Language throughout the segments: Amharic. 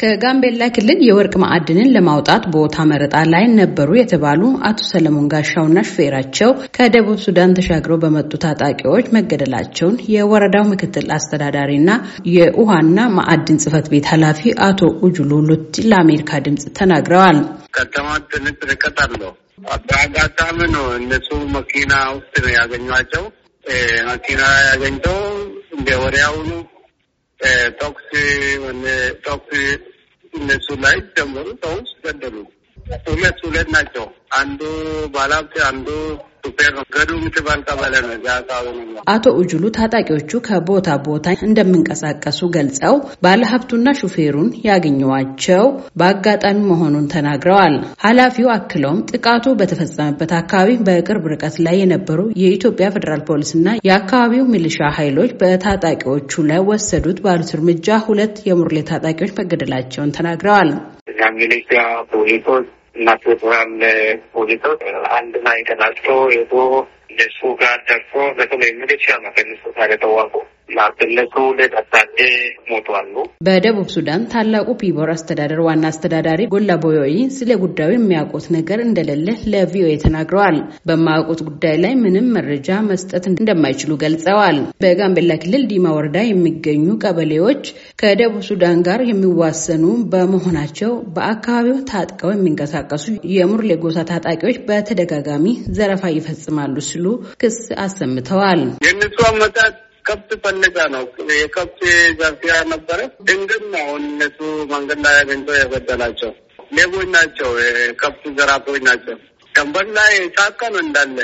ከጋምቤላ ክልል የወርቅ ማዕድንን ለማውጣት ቦታ መረጣ ላይ ነበሩ የተባሉ አቶ ሰለሞን ጋሻውና ሹፌራቸው ከደቡብ ሱዳን ተሻግረው በመጡ ታጣቂዎች መገደላቸውን የወረዳው ምክትል አስተዳዳሪና የውሃና ማዕድን ጽፈት ቤት ኃላፊ አቶ ኡጁሉ ሉቲ ለአሜሪካ ድምፅ ተናግረዋል። ከተማ ትንሽ ርቀት አለው። በአጋጣሚ ነው እነሱ መኪና ውስጥ ነው ያገኟቸው። መኪና ያገኝተው እንደ ወዲያውኑ ተኩስ ተኩስ እነሱ ላይ ጀመሩ። ሰዎች ገደሉ። ሁለት ሁለት ናቸው። አንዱ ባለሀብት አንዱ አቶ ኡጁሉ ታጣቂዎቹ ከቦታ ቦታ እንደሚንቀሳቀሱ ገልጸው ባለሀብቱና ሹፌሩን ያገኘዋቸው በአጋጣሚ መሆኑን ተናግረዋል። ኃላፊው አክለውም ጥቃቱ በተፈጸመበት አካባቢ በቅርብ ርቀት ላይ የነበሩ የኢትዮጵያ ፌዴራል ፖሊስና የአካባቢው ሚሊሻ ኃይሎች በታጣቂዎቹ ላይ ወሰዱት ባሉት እርምጃ ሁለት የሙርሌ ታጣቂዎች መገደላቸውን ተናግረዋል። On programme ማርትነቱ ለታሳዴ ሞቷሉ። በደቡብ ሱዳን ታላቁ ፒቦር አስተዳደር ዋና አስተዳዳሪ ጎላ ቦዮይ ስለ ጉዳዩ የሚያውቁት ነገር እንደሌለ ለቪኦኤ ተናግረዋል። በማያውቁት ጉዳይ ላይ ምንም መረጃ መስጠት እንደማይችሉ ገልጸዋል። በጋምቤላ ክልል ዲማ ወረዳ የሚገኙ ቀበሌዎች ከደቡብ ሱዳን ጋር የሚዋሰኑ በመሆናቸው በአካባቢው ታጥቀው የሚንቀሳቀሱ የሙርሌ ጎሳ ታጣቂዎች በተደጋጋሚ ዘረፋ ይፈጽማሉ ሲሉ ክስ አሰምተዋል። የእነሱ አመጣት ከብት ፈልጋ ነው። የከብት ዘርፊያ ነበረ። ድንግም አሁን እነሱ መንገድ ላይ አግኝቶ የገደላቸው ሌቦች ናቸው። የከብት ዘራፊዎች ናቸው። ሸንበል ሳካ ነው እንዳለ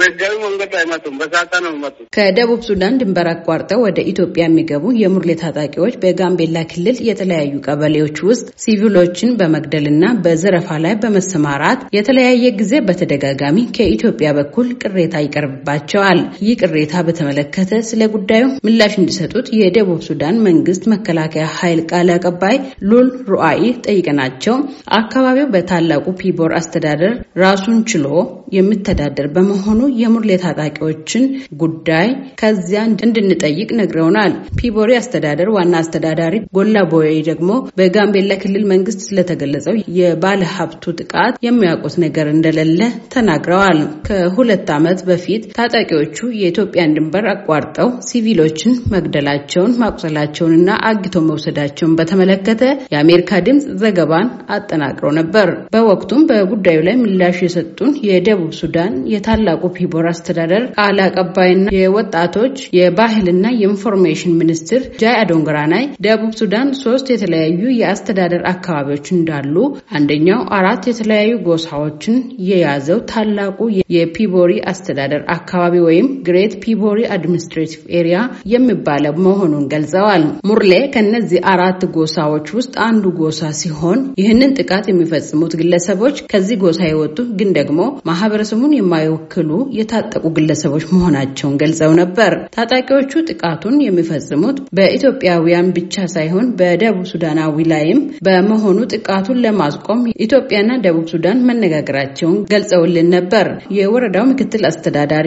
በህጋዊ መንገድ አይመጡም፣ በሳካ ነው መጡ። ከደቡብ ሱዳን ድንበር አቋርጠው ወደ ኢትዮጵያ የሚገቡ የሙርሌ ታጣቂዎች በጋምቤላ ክልል የተለያዩ ቀበሌዎች ውስጥ ሲቪሎችን በመግደልና በዘረፋ ላይ በመሰማራት የተለያየ ጊዜ በተደጋጋሚ ከኢትዮጵያ በኩል ቅሬታ ይቀርብባቸዋል። ይህ ቅሬታ በተመለከተ ስለ ጉዳዩ ምላሽ እንዲሰጡት የደቡብ ሱዳን መንግስት መከላከያ ኃይል ቃል አቀባይ ሉል ሩአይ ጠይቀናቸው አካባቢው በታላቁ ፒቦር አስተዳደር ራሱን Naunchilo የምተዳደር በመሆኑ የሙርሌ ታጣቂዎችን ጉዳይ ከዚያ እንድንጠይቅ ነግረውናል። ፒቦሪ አስተዳደር ዋና አስተዳዳሪ ጎላ ቦይ ደግሞ በጋምቤላ ክልል መንግስት ስለተገለጸው የባለ ሀብቱ ጥቃት የሚያውቁት ነገር እንደሌለ ተናግረዋል። ከሁለት ዓመት በፊት ታጣቂዎቹ የኢትዮጵያን ድንበር አቋርጠው ሲቪሎችን መግደላቸውን ማቁሰላቸውንና አግቶ መውሰዳቸውን በተመለከተ የአሜሪካ ድምፅ ዘገባን አጠናቅረው ነበር። በወቅቱም በጉዳዩ ላይ ምላሽ የሰጡን የደ የደቡብ ሱዳን የታላቁ ፒቦር አስተዳደር ቃል አቀባይና የወጣቶች የባህልና የኢንፎርሜሽን ሚኒስትር ጃይ አዶንግራናይ ደቡብ ሱዳን ሶስት የተለያዩ የአስተዳደር አካባቢዎች እንዳሉ፣ አንደኛው አራት የተለያዩ ጎሳዎችን የያዘው ታላቁ የፒቦሪ አስተዳደር አካባቢ ወይም ግሬት ፒቦሪ አድሚኒስትሬቲቭ ኤሪያ የሚባለው መሆኑን ገልጸዋል። ሙርሌ ከነዚህ አራት ጎሳዎች ውስጥ አንዱ ጎሳ ሲሆን ይህንን ጥቃት የሚፈጽሙት ግለሰቦች ከዚህ ጎሳ የወጡ ግን ደግሞ ማህበ ማህበረሰቡን የማይወክሉ የታጠቁ ግለሰቦች መሆናቸውን ገልጸው ነበር። ታጣቂዎቹ ጥቃቱን የሚፈጽሙት በኢትዮጵያውያን ብቻ ሳይሆን በደቡብ ሱዳናዊ ላይም በመሆኑ ጥቃቱን ለማስቆም ኢትዮጵያና ደቡብ ሱዳን መነጋገራቸውን ገልጸውልን ነበር። የወረዳው ምክትል አስተዳዳሪ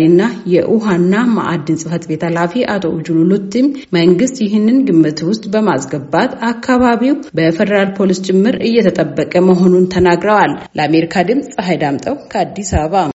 የውሃና ማዕድን ጽህፈት ቤት ኃላፊ አቶ ኡጁሉ ሉቲም መንግስት ይህንን ግምት ውስጥ በማስገባት አካባቢው በፌዴራል ፖሊስ ጭምር እየተጠበቀ መሆኑን ተናግረዋል። ለአሜሪካ ድምፅ ፀሐይ ዳምጠው ከአዲስ አበባ vamos.